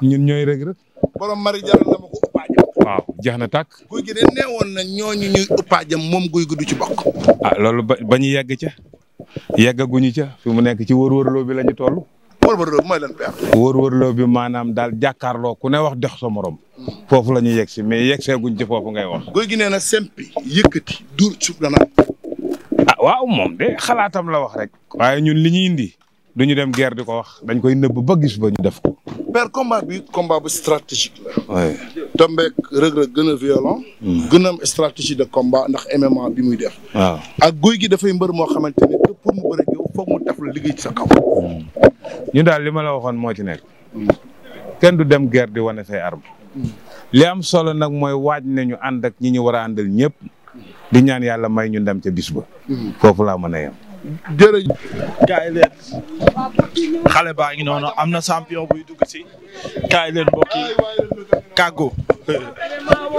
ñun ñooy rëg-rëg borom mari waaw jeex na tàkk guy gi de neewoon na ñooñu ñuy moom guy gi du ci bokk ah loolu ba ñu yegg ca yeggaguñu ca fi mu nekk ci wër-wërloo bi la ñu toll wër-wërloo bi mooy lan wër-wërloo bi maanaam daal jàkkaarloo ku ne wax dox sa morom foofu la ñu yegg si mais yegg seeguñ ci foofu ngay wax guy gi nee na sempi yëkkati dur suuf dana ah waaw moom de xalaatam la wax rek waaye ñun li indi du ñu dem guerre di ko wax dañ koy nëbb ba gis ba ñu def ko. père combat bi combat bu stratégique la. oui rëg-rëg gën a violent. Hmm. gën a am stratégie de combat ndax MMA bi muy def. waaw ak guy gi dafay mbër moo xamante ne que pour mu bëre yow foog mu taf la liggéey sa kaw. Hmm. ñu daal li ma la waxoon moo ci nekk. kenn du dem guerre di wane say arme. Hmm. li am solo nag mooy waaj ñu ànd ak ñi ñu war a àndal ñëpp. di ñaan yàlla may ñu dem ca bis ba. foofu laa mën a yem. jërëjëf kaay leen xale baa ngi noonu am na champion buy dugg si kaay leen mbokk yi kàggu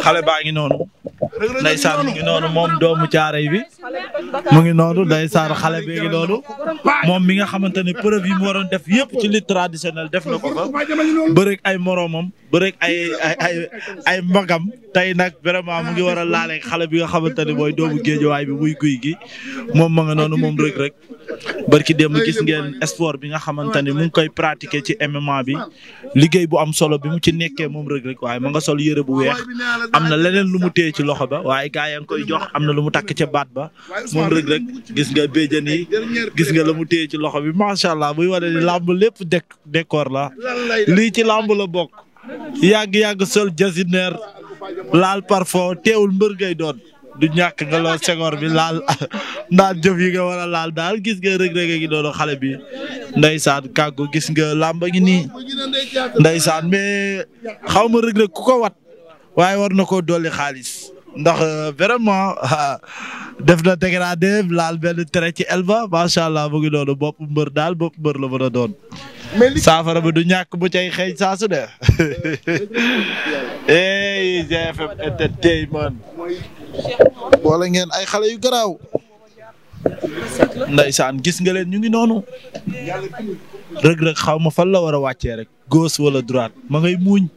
xale baa ngi noonu. ndeysaan mu ngi noonu moom doomu caaray bi mu ngi noonu saar xale bi ngi noonu moom mi nga xamante ne preuve yi mu waroon def yëpp ci li traditionnel def na ko fa bërek ay moroomam bërek ay ay ay ay tey nag vraiment mu ngi war a xale bi nga xamante ne mooy doomu géejawaay bi muy guy gi moom ma nga noonu moom rek rek barki démb gis ngeen sport bi nga xamante ne mu ngi koy pratiquer ci MMA bi liggéey bu am solo bi mu ci nekkee moom rek rek waaye ma nga sol yére bu weex am na leneen lu mu téye ci loxo loxo ba waaye gaa yaa ngi koy jox am na lu mu takk ca baat ba moom Reug Reug gis nga béjjën gis nga la mu téye ci loxo bi macha allah muy wane ni làmb lépp dek décor la lii ci làmb la bokk yàgg-yàgg sol jasineer laal parfum teewul mbër ngay doon du ñàkk nga loo sengoor bi laal ndaal jëf yi nga war laal daal gis nga Reug Reug gi doon xale bi ndeysaan kàggu gis nga làmb ngi nii ndeysaan mais xaw ma Reug Reug ku ko wat waaye war na koo dolli xaalis ndax euh, vraiment def na dégradé laal benn trait ci elba macha allah mu ngi bopp mbër daal bopp mbër la mën a doon. saafara bi du ñàkk bu cay xëy saa su de. hey GFM entertainment. boole ngeen ay xale yu garaaw. saan gis nga leen ñu ngi noonu. rëg-rëg xaw ma fan la war a wàccee rek. gauche walla droite ma ngay muuñ.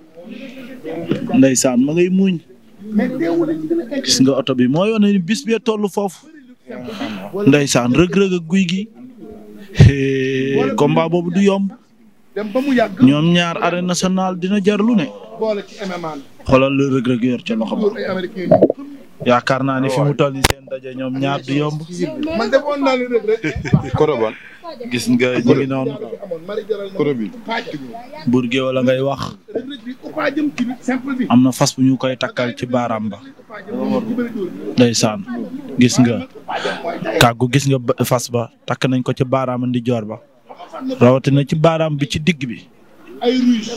Ndeysaan ma ngay muuñ. gis nga oto bi moo yoone bis bee toll foofu ndeysaan rëg-rëg ak guy gi combat boobu du yomb ñoom ñaar arène nationale dina jar lu ne xoolal la rëg loxo yaakaar naa ne fi mu oh. toll seen daje ñoom ñaar du yomb. man gis nga ñu burge wala ngay wax. am na fas bu ñu koy takkal ci baaraam ba. ndeysaan gis nga kàggu gis nga fas ba takk nañ ko ci baaraam ndi ba. rawatina ci baaraam bi ci digg bi.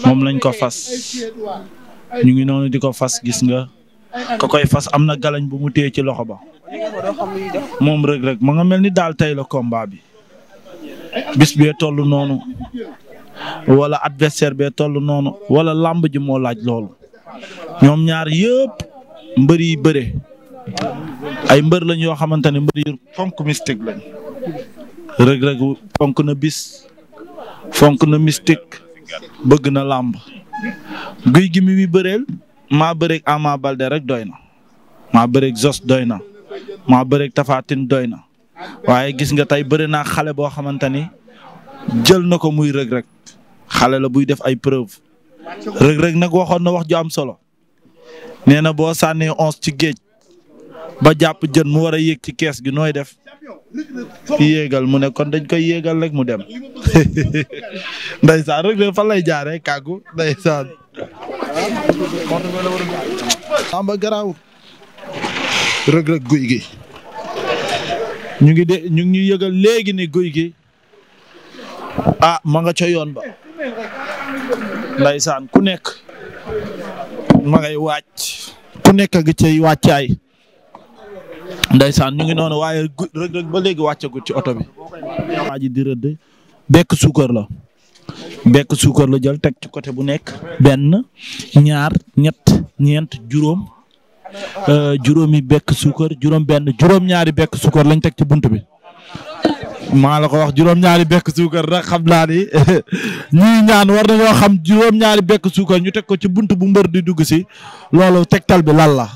moom lañ ko fas. ñu ngi noonu di ko fas gis nga. ka koy fas am na galañ bu mu téye ci loxo ba. moom Reug Reug ma mel ni daal tey la combat bi bis bee toll noonu wala adversaire bee toll noonu wala làmb ji moo laaj loolu ñoom ñaar yëpp mbër yi bëre ay mbër lañ yoo xamante ne mbër yu fonk mystique lañ Reug Reug fonk na bis fonk na mystique bëgg na làmb guy gi mi bëreel. maa bëreeg Ama Balde rek doy na maa bëreeg Zos doy na maa bëreeg Tafatine doy waaye gis nga tey bëri na xale boo xamante ni jël na ko muy rëg rek xale la buy def ay preuve rëg rëg nag waxoon na wax ju am solo nee na boo sànnee onze ci géej ba jàpp jën mu war a yéeg ci kees gi nooy def yéegal mu ne kon dañ koy yéegal rek mu dem ndeysaan rëg rëg fan lay jaaree kàggu làmb garaaw rëg-rëg guy gi ñu ngi de ñu ngi yëgal léegi ni guy gi ah ma nga ca yoon ba ndaysaan ku nekk ma ngay wàcc ku nekk a ngi cay wàccaay ndaysaan ñu ngi noonu waaye rëg-rëg ba léegi wàccagut ci oto bi waa ji di rëdd bekk suukar la bekk suukar la jël teg ci côté bu nekk benn ñaar ñett ñeent juróom euh, juróomi bekk suukar juróom benn bekk suukar lañ teg ci bunt bi maa la ko wax juróom-ñaari bekk suukar nag xam naa ni ñuy ñaan war nañoo xam juróom-ñaari bekk suukar ñu teg ko ci bunt bu mbër di dugg si loolu tegtal bi lan la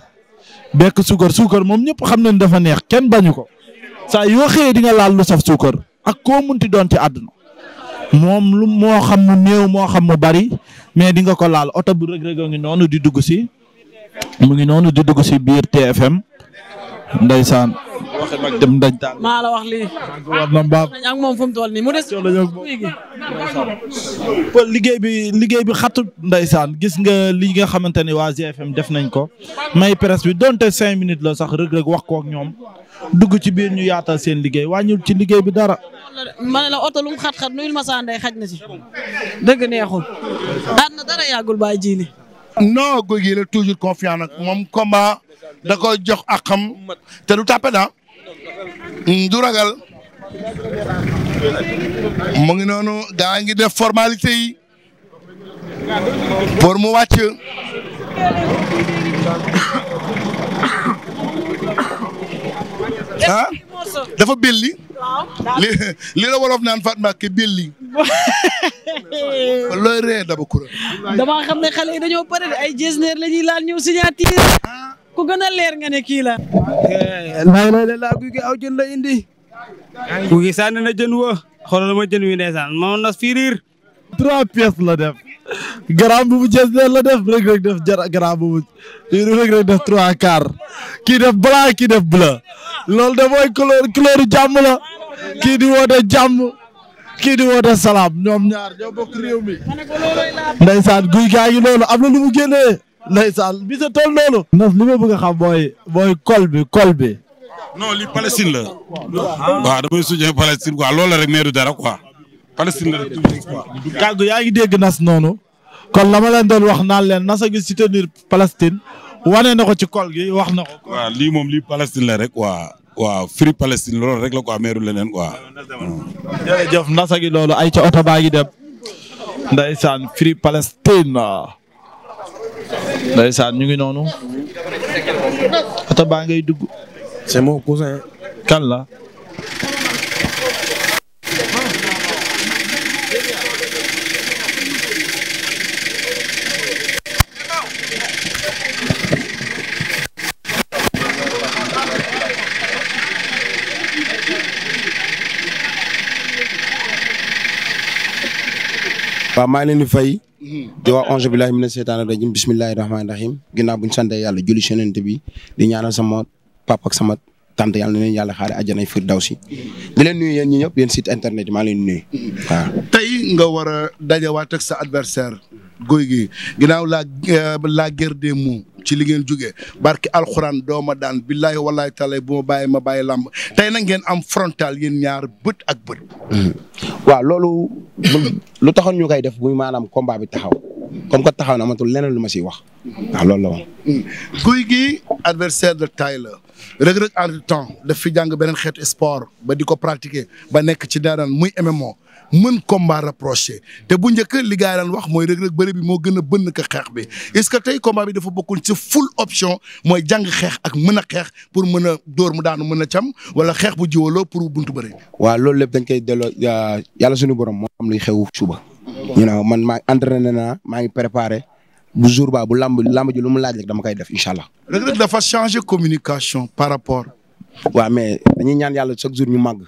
bekk suukar suukar moom ñëpp xam na nañ dafa neex kenn bañu ko saa yoo xëyee di nga laal lu saf suukar ak koo munti doon ci àdduna moom lu moo xam mu néew moo xam mu bari mais di nga ko laal oto bu Reug Reug a ngi noonu di dugg si mu ngi noonu di dugg si biir TFM ndeysaan waxe mag dem dañ taan maa la wax lii war na mbaab ak moom fu mu toll liggéey bi liggéey bi xatu ndeysaan gis nga li nga xamante ni waa GFM def nañ ko may presse bi donte cinq minutes la sax Reug Reug wax ko ñoom dugg ci biir ñu yaatal seen liggéey wàññul ci liggéey bi dara ma ne oto lu mu xat-xat nuyul ma saa ndey xaj na ci dëgg neexul daan na dara yàggul baa jiili. non Gouye Gui la toujours confiant nag moom komba da koy jox ak xam te du tàppe da ah. mm, du ragal mu ngi noonu gaa ngi def formalité yi mu wàcc. ah dafa belli li li la wolof naan Fatma ak Belli. looy ree daba kura. damaa xam ne xale yi dañoo pare ay jesneer la ñuy laal ku gën a leer nga ne kii la. lay lay la guy gi aw jën la indi. guy gi sànni na jën wa xoolal ma jën wi ndeysaan ma si firiir. trois pièces la def. garaam bu bu la def rek def jar garaam bu bu rek rek def trois quart kii def blanc kii def bla loolu de mooy couleur couleur la kii di woote jàmm kii di woote salaam ñoom ñaar ñoo bokk réew mi ndeysaan guy gaa loolu am na lu mu génnee ndeysaan bi sa tool loolu nas li ma bëgg a xam mooy mooy kol bi kol bi non li Palestine la waaw damay soutien Palestine quoi loolu la rek mais dara quoi Palestine la rek yaa ngi dégg nas noonu kon la ma leen doon wax naan leen nas a ngi soutenir Palestine wane na ko ci kol gi wax na ko. waaw lii moom lii Palestine la rek waa waaw Free Palestine loolu rek la quoi meeru leneen quoi. jërëjëf nasa gi loolu ay ca oto baa ngi dem. fri Free Palestine. Ndeysaan ñu ngi noonu. oto baa ngay dugg. c'est mon cousin. kan la. waaw maa ngi leen di fay. Hmm. di wax onze billahi mina seytaani rajim bismillahi rahmaani rahim ginnaaw bu ñu sante yàlla julli Yonent bi di ñaanal sama papa ak sama tante yàlla na leen yàlla xaare àjjana firdawsi di leen nuyu yéen ñi ñëpp yan site internet yi maa ngi leen di nuyu hmm. waaw. tey nga war a dajawaat ak sa adversaire guy gi ginnaaw la euh, laa guerre des mots ci li ngeen jógee barki alxuraan dooma daan billaahi wallaahi taala bu ma bàyyi ma bàyyi lamb tey na ngeen am frontal yéen ñaar bët ak bët. Hmm. waaw loolu lu taxoon ñu koy def muy maanaam combat bi taxaw comme que taxaw na amatul leneen lu ma siy wax waaw loolu la woon. Hmm. guy gi adversaire de taille la rëg-rëg entre temps daf fi jàng beneen xeet sport ba di ko pratiquer ba nekk ci daaraan muy MMO. mën combat rapproché te bu njëkk li gars wax mooy Reug Reug bëri bi moo gën a bënn ka xeex bi est ce que tey combat bi dafa bokkul ci full option mooy jàng xeex ak mën a xeex pour mën a dóor mu daan mën a cam wala xeex bu jiwaloo pour buntu bëri. waa loolu lépp dañ koy delloo euh, yàlla suñu borom moo am luy xew suba. ñu naan man maa ne naa maa ngi préparé bu jour ba bu lamb lamb ji lu mu laaj rek dama koy def incha allah. Reug Reug dafa changé communication par rapport. waaw mais dañuy ñaan yàlla chaque jour ñu màgg.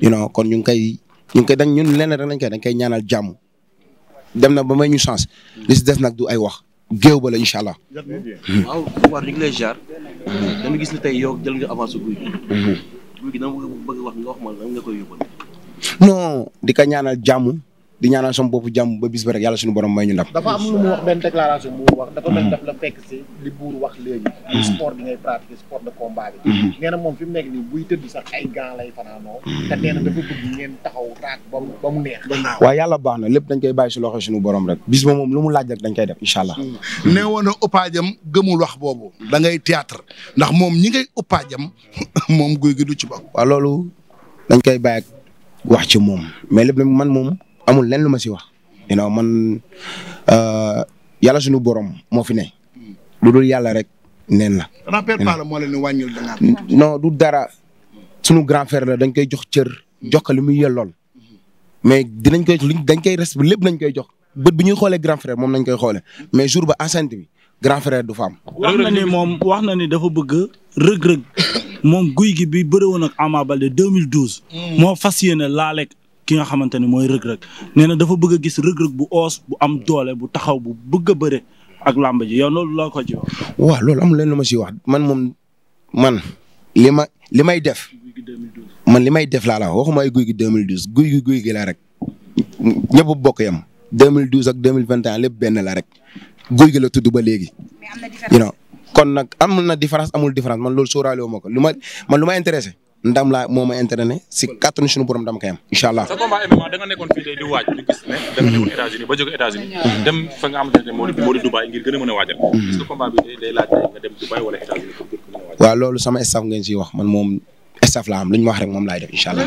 you kon ñu ngi koy ñu ngi koy dañ ñun lenn rek lañ koy dañ koy ñaanal jàmm dem na ba may ñu chance li si des nag du ay wax géew ba la incha allah. waaw Omar gis tey yow jël nga mhm. di ko ñaanal jàmm. di ñaana sama bopp jàmm ba bis ba rek yàlla suñu borom may ñu ndam. dafa am lu mu wax benn déclaration bu wax. dafa mel daf la fekk si li buur wax léegi. Mm-hmm. sport bi ngay pratiquer sport de mm-hmm. moom fi mu nekk sax ay gants lay fanaanoo. Mm-hmm. na ba mu ba mu neex. waaw yàlla baax na lépp dañ koy bàyyi si loxo suñu borom rek. bis ba moom lu mu laaj rek dañ koy def incha allah. nee woon na upaajam gëmul wax boobu. da ngay théâtre ndax moom ñi ngay upaajam moom guy gi du ci bokk. waaw loolu dañ koy bàyyi wax ci moom mais lépp man moom amul lenn lu ma si wa you know man uh, yàlla sunu borom moo fi ne. lu dul yàlla rek neen la. rappel moo leen wàññil dara. du dara suñu grand frère la dañ koy jox cër jox ko li mais dinañ koy dañ koy res lépp nañ koy jox bët bi ñuy xoolee grand frère moom nañ koy xoolee mais jour ba enceinte bi grand frère du fa am. wax na ni dafa bëgg rëg-rëg moom guy gi bi bëri woon ak Ama Baldé 2012. Mm. moo fas yéene ki nga xamante ne mooy rëg-rëg nee na dafa bëgg gis rëg-rëg bu oos bu am doole bu taxaw bu bëgg a bëre ak làmb ji yoo loolu loo ko ci wax. waaw loolu am leen lu ma si wax man moom man li ma li may def. man li may def laa la waxuma ay guy gi 2012 guy gi guy gi la rek ñëpp bokk yam 2012 ak 2021 lépp benn la rek guy gi la tudd ba léegi. you kon nag am na différence amul différence man loolu sóoraale wu ma ko lu ma man lu ma intéressé. ndam laa moo ma entraîné si kattanu suñu borom dama koy am incha allah. sa mm-hmm. dem fa nga xamante a mën mm-hmm. loolu sama staff ngeen ciy wax man moom staff laa am wax rek moom laay def incha allah.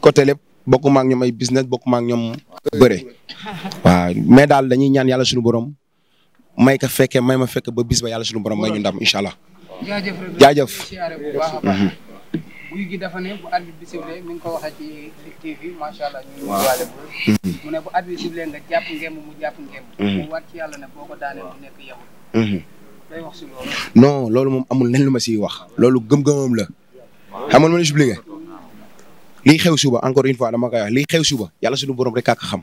côté lépp bokkuma ak ñoom ay business bokkuma ak ñoom bëre. waaw mais daal dañuy ñaan yàlla suñu borom may ka fekkee may ma fekk ba bis ba yàlla suñu borom may ñu ndam incha allah. loolu moom amul len lu ma siy wax loolu gëm-gëmam la xam nga ma li xew suba encore une fois dama koy wax lii xew suba yàlla suñu borom rek ak xam.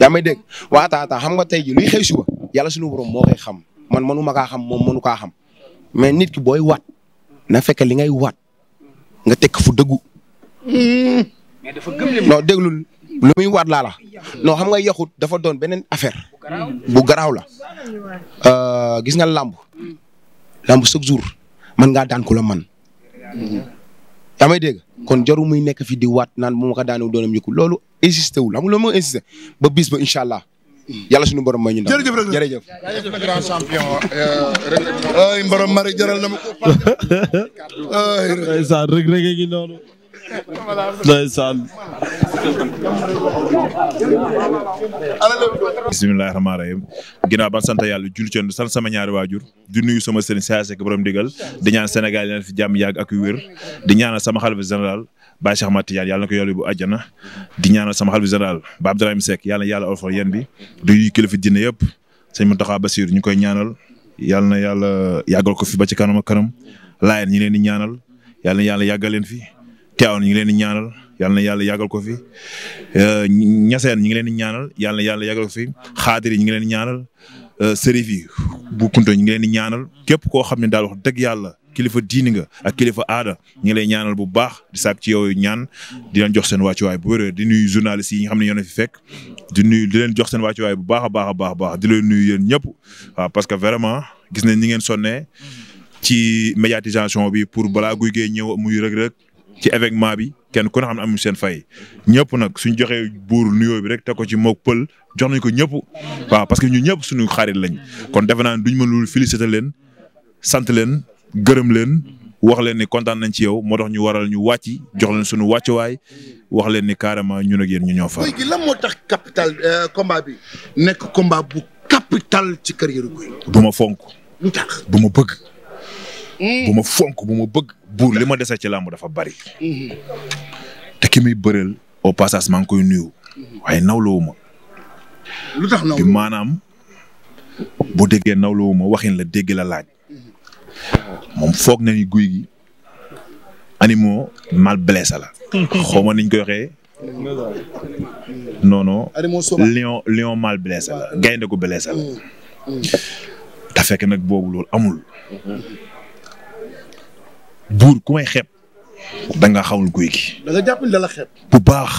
yaa may dégg waaw taa taa xam nga tey ji lii xew suba yàlla suñu borom moo koy xam man manu ma kaa xam moom mënu kaa xam mais nit ki booy waat na fekk li ngay waat nga tekk fu dëggu. mais dafa gëm li non déglul lu muy waat laa xam nga yaxut dafa doon beneen affaire bu garaaw la euh, gis nga làmb làmb chaque jour man ngaa daan ku la man yaa may dégg kon jaru muy nekk fi di waat nan bu ma ko daanee doonam ñu ko loolu existé wul xam nga loolu ba bis ba incha allah. yàlla suñu borom may ñu ndaw jërëjëf rek jërëjëf. grand champion. Euh, ay mbaram mari na ma ko. ay ndeysaan rek rek ndeysaan bismillahi rahmaani rahim ginnaaw ban sant yàlla julli ci sant sama ñaari waajur di nuyu sama sëriñ Saase ak borom digal di ñaan Sénégal yi fi jàmm yàgg ak wér di ñaanal sama xalifa général Baye Cheikh Ahmad na ko yàlla bu àjjana di ñaanal sama xalifa général Ba Abdourahim Seck yàlla na yàlla olofal yéen bi di nuyu kilifa diine yëpp sëñ Mountakha Bassirou ñu koy ñaanal yàlla na yàlla yàggal ko fi ba ci kanam ak ñi leen di ñaanal yàlla na yàlla leen fi Tiwaawan ñu ngi leen di ñaanal yal na yàlla yàggal ko fi ñaseen euh, ñu ngi leen di ñaanal yal na yàlla yàggal ko fi ñu ngi leen di ñaanal euh, sërif yi ñu ngi di ñaanal képp koo xam ne daal wax dëgg yàlla kilifa diini nga ak kilifa aada ñu ngi lay ñaanal bu baax di sàkk ci yow ñaan di leen jox seen wàccuwaay bu di nuyu journaliste yi nga xam ne ñoo fi fekk nuyu di leen jox seen wàccuwaay bu baax baax a baax baax di leen nuyu yéen ñëpp waaw parce que vraiment gis nañ ni ngeen sonnee ci médiatisation bi pour balaa guy gee ñëw muy rek rëg ci événement bi kenn ku ne xam ne amuñu seen fay ñëpp nag suñ joxee buur nuyoo bi rek te ko ci mook pël jox nañ ko ñëpp waaw parce que ñun ñëpp suñu xarit lañ kon defe naa ne duñ mën lu féliciter leen sant leen gërëm leen wax leen ni kontaan nañ ci yow moo tax ñu waral ñu wàcc jox leen suñu wàccuwaay wax leen ni carrément ñu ak yéen ñu ñoo fa. Gouye Gui moo tax capital euh, combat bi nekk combat bu capital ci carrière Gouye. du ma fonk. bu ma bëgg. Mm-hmm. bu ma fonk bu ma bëgg buur li ma dese ci làmb dafa bari mm-hmm. te ki muy bëreel au passage maa ngi koy nuyu mm-hmm. waaye nawloowu ma lu tax maanaam bu déggee nawloowu ma waxin la dégg la laaj moom foog nañu guy gi animaux mal blessé la xaw ma niñ koy waxee non non lion lion mal blessé la gaynde ko blessé la te fekk nag boobu loolu amul buur ku may xeeb danga nga xamul guy gi. da nga jàpp ni da la bu baax.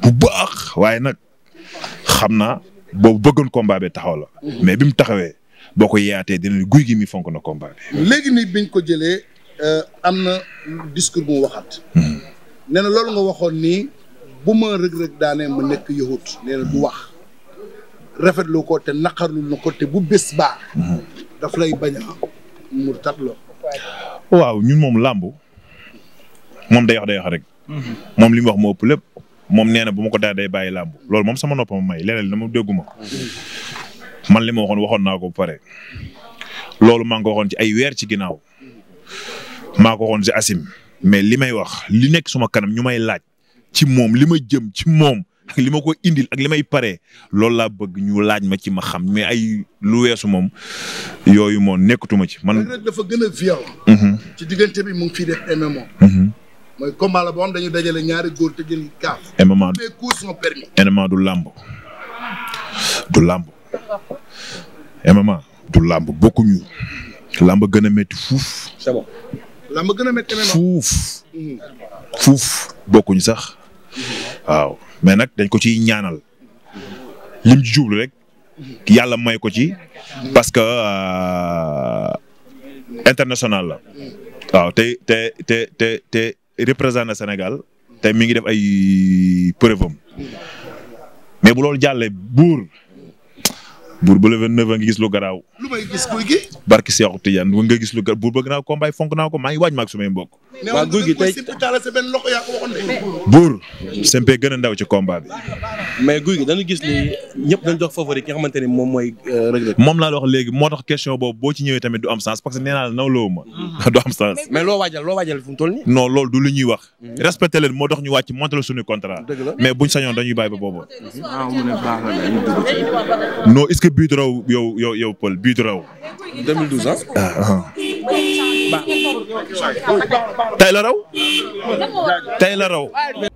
bu baax waaye nag xam naa boobu bëggoon combat bi taxaw la. mais bi mu taxawee boo ko yeeyaatee dinañ guy gi mi fonk na combat bi. léegi nii biñ ko jëlee euh, am na discours bu mu waxaat. Hmm. nee na loolu nga waxoon nii bu ma rëg-rëg daanee ma nekk yahut nee na du wax rafetlu ko te naqarlu na ko te bu bés baa. Hmm. daf lay bañ a murtat waaw ñun moom làmb moom day wax day wax rek. Mm-hmm. moom li mu wax moo ëpp lépp moom nee na bu ma ko daal day bàyyi làmb loolu moom sama noppam may leneen dama déggu ma. Mm-hmm. man li ma waxoon waxoon naa ko pare. loolu maa ngi waxoon ci ay weer ci ginnaaw. maa ko waxoon si Asim mais li may wax li nekk suma kanam ñu may laaj. ci moom li ma jëm ci moom ak li ma ko indil ak li may paree loolu laa bëgg ñu laaj ma ci ma xam mais ay lu weesu moom yooyu moom nekkatuma ci man. dafa gën a violent. Mhm. ci diggante bi mu ngi de def MMA. Mhm. mooy dajale ñaari góor te du MMA du làmb du làmb du làmb bokkuñu làmb gën a métti fuuf. c'est mhm. bokkuñu sax waw mais nag dañ ko ciy ñaanal lim ci jublu rek yàlla may ko ci parce que euh, international la waaw te te te te te Sénégal te mi ngi def ay preuve am mais bu loolu jàllee buur. buur ba le 29 nga gis lu garaaw. lu may gis guy gi. barki Seexu Tijaan nga buur bëgg naa ko combat fonk naa ko maa waaj ma ak sumay mbokk. buur Sempé gën a ndaw ci combat bi. gis ni ñëpp dañu jox favori ki nga xamante ni moom mooy euh, Reug moom laa la wax léegi moo tax question boobu boo ci ñëwee tamit du am sens parce que nee naa la nawloo ma. du am mais loo waajal loo waajal fu mu toll nii. non loolu du lu ñuy wax. Mhm. respecté leen moo tax ñu wàcc monté la suñu contrat. mais buñ sañoon dañuy bàyyi ba boobu. que yow yow yow Paul bii du ah? ah, ah. raw. tey la raw.